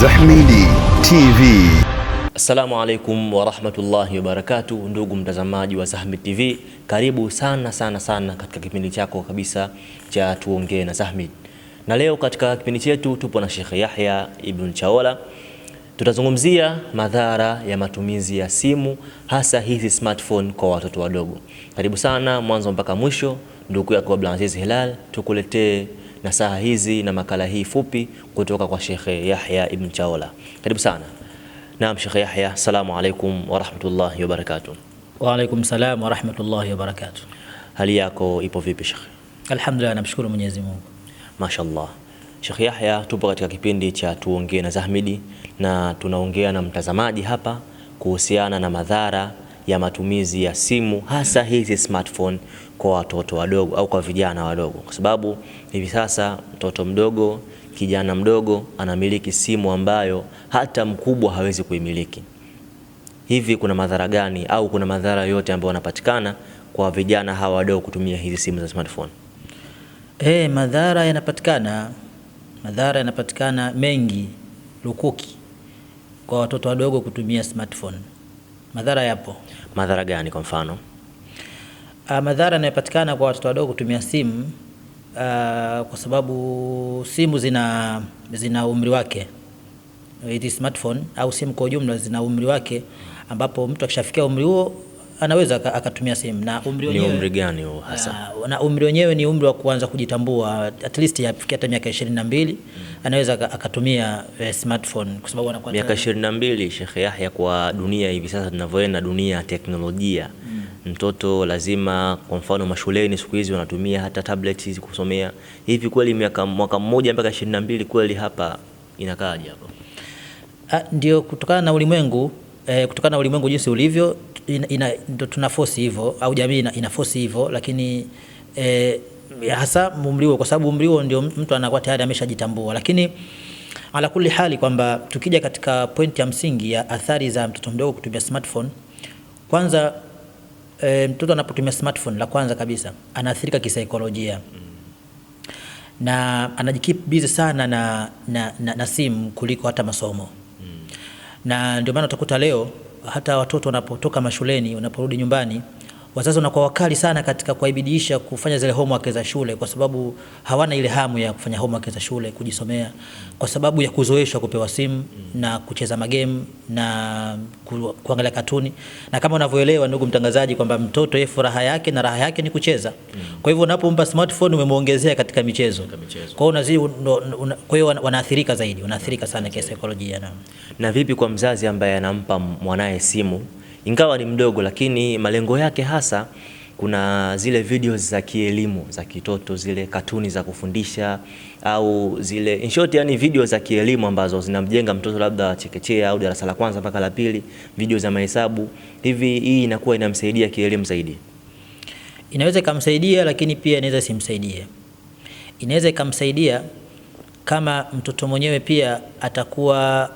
Zahmidi TV. Assalamu alaikum warahmatullahi wabarakatuh, ndugu mtazamaji wa Zahmid TV, karibu sana sana sana katika kipindi chako kabisa cha tuongee na Zahmid, na leo katika kipindi chetu tupo na Sheikh Yahya Ibn Chaola. Tutazungumzia madhara ya matumizi ya simu hasa hizi smartphone kwa watoto wadogo. Karibu sana mwanzo mpaka mwisho. Ndugu yako Abdulaziz Hilal tukuletee na saa hizi na makala hii fupi kutoka kwa Shekhe Yahya Ibn Chaola. Karibu sana. Naam, Shekhe Yahya, assalamu alaikum warahmatullahi wabarakatuh. Wa alaikum salam warahmatullahi wabarakatuh. Hali yako ipo vipi Shekhe? Alhamdulillah, namshukuru Mwenyezi Mungu. Mashallah. Shekhe Yahya, tupo katika kipindi cha tuongee na Zahmidi na tunaongea na mtazamaji hapa kuhusiana na madhara ya matumizi ya simu hasa hizi smartphone kwa watoto wadogo au kwa vijana wadogo, kwa sababu hivi sasa mtoto mdogo, kijana mdogo anamiliki simu ambayo hata mkubwa hawezi kuimiliki. Hivi kuna madhara gani au kuna madhara yote ambayo yanapatikana kwa vijana hawa wadogo kutumia hizi simu za smartphone? E, madhara yanapatikana, madhara yanapatikana mengi lukuki kwa watoto wadogo kutumia smartphone. Madhara yapo. Madhara gani kwa mfano? Uh, madhara yanayopatikana kwa watoto wadogo kutumia simu uh, kwa sababu simu zina, zina umri wake hizi smartphone au simu kwa ujumla zina umri wake, ambapo mtu akishafikia umri huo anaweza akatumia simu na umri wenyewe. Ni umri gani huo hasa? Ah, na umri wenyewe ni umri wa kuanza kujitambua, at least yafikia hata miaka 22 hmm. Anaweza akatumia uh, smartphone kwa sababu anakuwa miaka 22, Sheikh Yahya, kwa dunia hivi sasa tunavyoenda, dunia teknolojia mm. Mtoto lazima kwa mfano mashuleni siku hizi wanatumia hata tablets hizi kusomea. Hivi kweli miaka mwaka mmoja mpaka 22 kweli hapa inakaaje hapo? Ah, ndio kutokana na ulimwengu eh, kutokana na ulimwengu jinsi ulivyo, ina, ina, tuna force hivyo au jamii ina, ina force hivyo, lakini eh, hasa umri, kwa sababu umri ndio mtu anakuwa tayari ameshajitambua, lakini ala kuli hali kwamba tukija katika pointi ya msingi ya athari za mtoto mdogo kutumia smartphone, kwanza e, mtoto anapotumia smartphone, la kwanza kabisa anaathirika kisaikolojia na anajikipa busy sana na, na, na, na simu kuliko hata masomo na ndio maana utakuta leo hata watoto wanapotoka mashuleni, wanaporudi nyumbani wazazi wanakuwa wakali sana katika kuwaibidiisha kufanya zile homework za shule, kwa sababu hawana ile hamu ya kufanya homework za shule kujisomea, kwa sababu ya kuzoeshwa kupewa simu na kucheza magemu na ku, kuangalia katuni. Na kama unavyoelewa ndugu mtangazaji, kwamba mtoto yeye furaha yake na raha yake ni kucheza. Kwa hivyo unapompa smartphone umemuongezea katika michezo, kwa hiyo kwa hiyo wanaathirika zaidi, wanaathirika sana kisaikolojia. Na vipi kwa mzazi ambaye anampa mwanaye simu ingawa ni mdogo, lakini malengo yake hasa kuna zile videos za kielimu za kitoto, zile katuni za kufundisha au zile in short, yani video za kielimu ambazo zinamjenga mtoto labda chekechea au darasa la kwanza mpaka la pili, video za mahesabu hivi. Hii inakuwa inamsaidia kielimu zaidi. Inaweza ikamsaidia, lakini pia inaweza simsaidie. Inaweza ikamsaidia kama mtoto mwenyewe pia atakuwa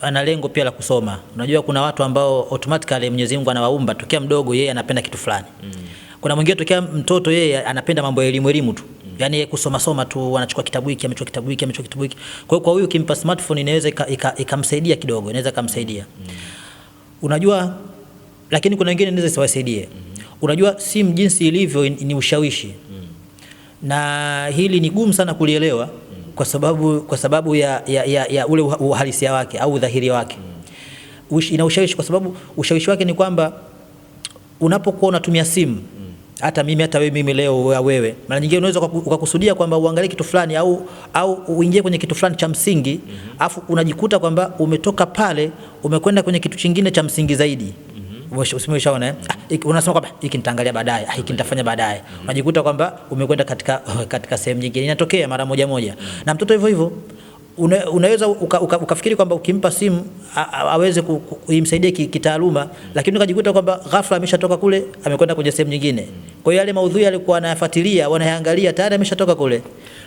ana lengo pia la kusoma. Unajua kuna watu ambao automatically Mwenyezi Mungu anawaumba tokea mdogo, yeye anapenda kitu fulani mm. Kuna mwingine tokea mtoto, yeye anapenda mambo ya elimu elimu tu mm. Yani yeye kusoma soma tu, anachukua kitabu hiki, amechukua kitabu hiki, amechukua kitabu hiki. Kwa hiyo kwa huyu kimpa smartphone inaweza ikamsaidia kidogo, inaweza kumsaidia mm. Unajua, lakini kuna wengine inaweza isiwasaidie mm. Unajua simu jinsi ilivyo ni ushawishi mm. na hili ni gumu sana kulielewa kwa sababu, kwa sababu ya, ya, ya, ya ule uhalisia wake au udhahiri wake mm. ina ushawishi kwa sababu ushawishi wake ni kwamba unapokuwa unatumia simu hata mimi hata wewe mimi leo ya wewe, mara nyingine unaweza ukakusudia kwamba uangalie kitu fulani au, au uingie kwenye kitu fulani cha msingi mm -hmm. afu unajikuta kwamba umetoka pale umekwenda kwenye kitu chingine cha msingi zaidi umeshaona eh, ah, unasema kwamba hiki nitaangalia baadaye, hiki nitafanya baadaye, unajikuta kwamba umekwenda katika katika sehemu nyingine. Inatokea mara moja moja na mtoto hivyo hivyo una, unaweza ukafikiri uka, uka kwamba ukimpa simu aweze kuimsaidia kitaaluma, lakini ukajikuta kwamba ghafla ameshatoka kule amekwenda kwenye sehemu nyingine. Kwa hiyo yale maudhui alikuwa anayafuatilia wanayaangalia tayari ameshatoka kule.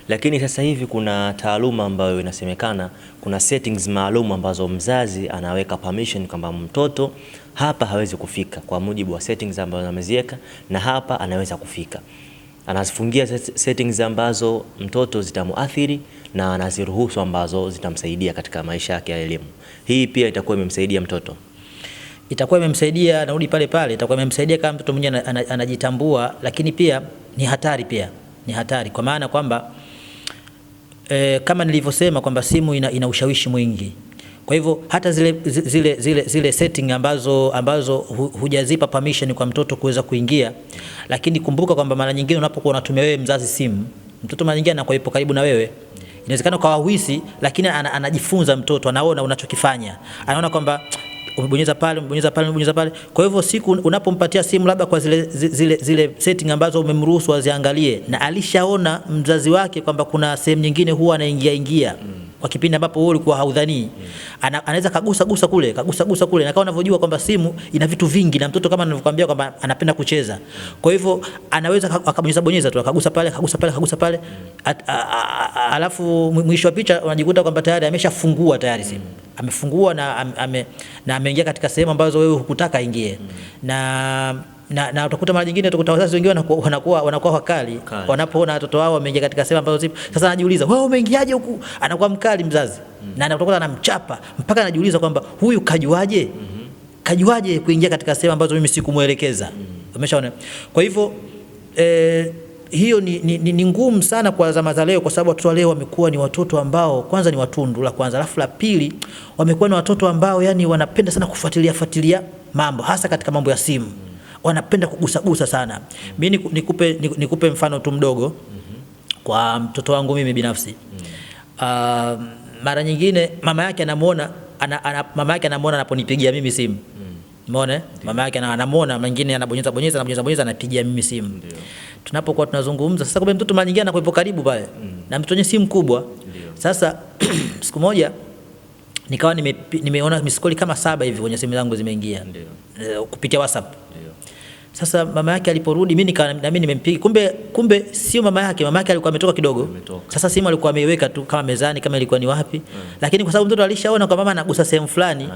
Lakini sasa hivi kuna taaluma ambayo inasemekana kuna settings maalum ambazo mzazi anaweka permission kwamba mtoto hapa hawezi kufika kwa mujibu wa settings ambazo ameziweka, na hapa anaweza kufika anazifungia settings ambazo mtoto zitamuathiri na anaziruhusu ambazo zitamsaidia katika maisha yake ya elimu. Hii pia itakuwa imemsaidia mtoto itakuwa imemsaidia, narudi pale pale, itakuwa imemsaidia kama mtoto mwenyewe anajitambua, lakini pia ni hatari, pia ni hatari kwa maana kwamba e, kama nilivyosema kwamba simu ina, ina ushawishi mwingi. Kwa hivyo hata zile, zile, zile, zile setting ambazo, ambazo hujazipa permission kwa mtoto kuweza kuingia, lakini kumbuka kwamba mara nyingine unapokuwa unatumia wewe mzazi simu, mtoto mara nyingine anakuwa yupo karibu na wewe inawezekana kwa wahisi, lakini anajifunza mtoto, anaona unachokifanya, anaona kwamba umebonyeza pale, umebonyeza pale, umebonyeza pale. Kwa hivyo siku unapompatia simu labda kwa zile, zile, zile setting ambazo umemruhusu aziangalie, na alishaona mzazi wake kwamba kuna sehemu nyingine huwa anaingia ingia, ingia kwa kipindi ambapo wewe ulikuwa haudhani. Ana, anaweza kagusa gusa kule, kagusa gusa kule. Na kama unavyojua kwamba simu ina vitu vingi na mtoto kama ninavyokuambia kwamba anapenda kucheza. Kwa hivyo anaweza akabonyeza bonyeza tu, akagusa pale, akagusa pale, akagusa pale. Alafu mwisho wa picha unajikuta kwamba tayari ameshafungua tayari simu. Amefungua na ame, na ameingia katika sehemu ambazo wewe hukutaka ingie. Na na, na utakuta mara nyingine utakuta wazazi wengine wanakuwa wanakuwa, wanakuwa wakali wanapoona watoto wao wameingia katika sehemu ambazo zipo. Sasa anajiuliza wewe umeingiaje huku, anakuwa mkali mzazi mm. na utakuta anamchapa mpaka anajiuliza kwamba huyu kajuaje mm -hmm. kajuaje kuingia katika sehemu ambazo mimi sikumuelekeza? mm -hmm. Umeshaona? Kwa hivyo eh, hiyo ni, ni, ni, ni ngumu sana kwa zama za leo, kwa sababu watoto leo wamekuwa ni watoto ambao kwanza ni watundu la kwanza, alafu la pili wamekuwa ni watoto ambao yani wanapenda sana kufuatilia fuatilia mambo hasa katika mambo ya simu mm-hmm wanapenda kugusagusa sana. Mm-hmm. Mimi nikupe, nikupe mfano tu mdogo mm-hmm. kwa mtoto wangu mimi binafsi. Uh, mara nyingine mama yake anamuona ana, ana, mama yake anamuona anaponipigia mimi simu. Mm. Umeona? Eh? Mama yake anamuona mwingine anabonyeza bonyeza anabonyeza bonyeza anapigia mimi simu. Ndio. Tunapokuwa tunazungumza sasa, kwa mtoto mara nyingine anakuwepo karibu pale. Mm. Na mtoto simu kubwa. Ndio. Sasa siku moja nikawa nimeona nime, nimeona miskoli kama saba hivi kwenye simu zangu zimeingia uh, kupitia WhatsApp. Ndiyo. Sasa mama yake aliporudi, mimi nika na mimi nimempiga, kumbe kumbe sio mama yake. Mama yake alikuwa ametoka kidogo Metoka. Sasa simu alikuwa ameiweka tu kama mezani kama ilikuwa ni wapi mm. Lakini kwa sababu mtoto alishaona kwa mama anagusa sehemu fulani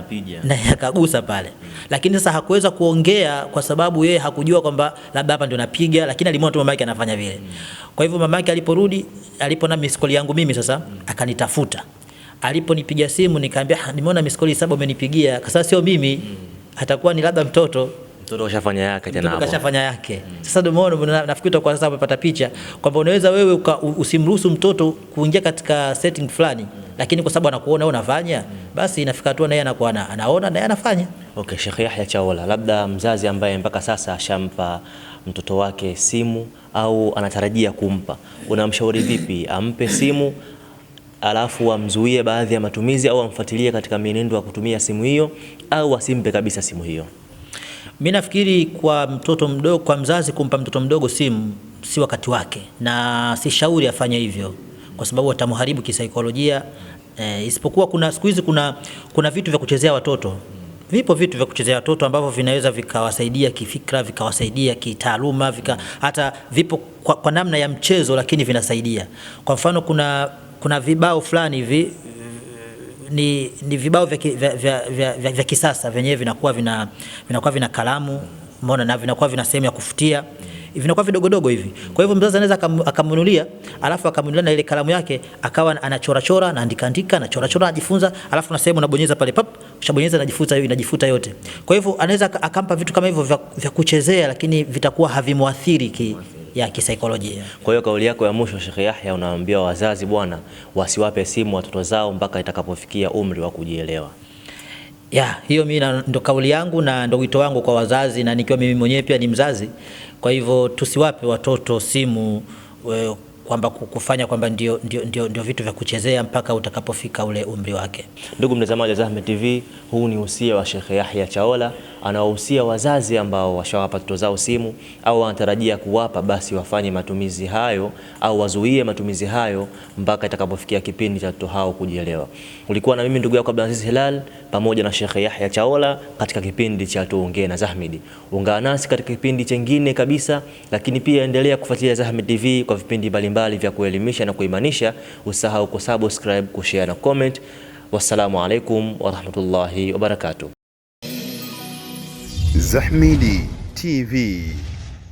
na akagusa pale mm. Lakini sasa hakuweza kuongea kwa sababu yeye hakujua kwamba labda hapa ndio napiga, lakini alimwona tu mama yake anafanya vile mm. Kwa hivyo mama yake aliporudi, alipona miss call yangu mimi sasa mm. akanitafuta mm aliponipiga simu nikaambia ah, nimeona miss call saba umenipigia, kwa sababu sio mimi mm. atakuwa ni labda mtoto mtoto kashafanya yake tena hapo, kashafanya yake mm. Sasa ndio maana nafikiri tutakuwa sasa umepata picha kwamba unaweza wewe uka, usimruhusu mtoto kuingia katika setting fulani mm. lakini kwa sababu anakuona wewe unafanya mm. basi inafika tu na yeye anakuwa anaona na yeye anafanya. Okay, Sheikh Yahya Chaola, labda mzazi ambaye mpaka sasa ashampa mtoto wake simu au anatarajia kumpa, unamshauri vipi ampe simu alafu amzuie baadhi ya matumizi au amfuatilie katika mienendo ya kutumia simu hiyo au asimpe kabisa simu hiyo. Mi nafikiri kwa mtoto mdogo, kwa mzazi kumpa mtoto mdogo simu si wakati wake, na si shauri afanye hivyo kwa sababu atamharibu kisaikolojia. E, isipokuwa kuna siku hizi kuna, kuna vitu vya kuchezea watoto vipo vitu vya kuchezea watoto ambavyo vinaweza vikawasaidia kifikra, vikawasaidia kitaaluma, vika, hata vipo kwa, kwa namna ya mchezo, lakini vinasaidia. Kwa mfano kuna kuna vibao fulani hivi ni, ni vibao vya, vya, vya, vya, vya kisasa vyenyewe vinakuwa vina, vinakuwa vina kalamu umeona, na vinakuwa vina sehemu ya kufutia vinakuwa vidogodogo hivi. Kwa hivyo mzazi anaweza akamnunulia, alafu akamnunulia na ile kalamu yake, akawa anachorachora na andika, chora anajifunza, alafu na sehemu anabonyeza pale pap, ushabonyeza anajifuta hiyo inajifuta yote. Kwa hivyo anaweza akampa vitu kama hivyo vya, vya kuchezea, lakini vitakuwa havimwathiri ki ya kisaikolojia. Kwa hiyo kauli yako ya mwisho Sheikh Yahya, unaambia wazazi bwana, wasiwape simu watoto zao mpaka itakapofikia umri wa kujielewa. Ya, hiyo mimi ndo kauli yangu na ndo wito wangu kwa wazazi, na nikiwa mimi mwenyewe pia ni mzazi. Kwa hivyo tusiwape watoto simu we, kwamba kufanya kwamba ndio, ndio, ndio, ndio vitu vya kuchezea mpaka utakapofika ule umri wake. Ndugu mtazamaji wa Zahmid TV, huu ni usia wa Sheikh Yahya Chaola anawahusia wazazi ambao washawapa watoto zao simu au wanatarajia kuwapa, basi wafanye matumizi hayo au wazuie matumizi hayo mpaka itakapofikia kipindi cha watoto hao kujielewa. Ulikuwa na mimi ndugu yako Abdulaziz Hilal pamoja na Sheikh Yahya Chaola katika kipindi cha tuongee na Zahmid. Ungana nasi katika kipindi chengine kabisa, lakini pia endelea kufuatilia Zahmid TV kwa vipindi mbalimbali vya kuelimisha na kuimanisha. Usahau kusubscribe, kushare na comment. Wassalamu alaikum warahmatullahi wabarakatuh. زحميلي تي في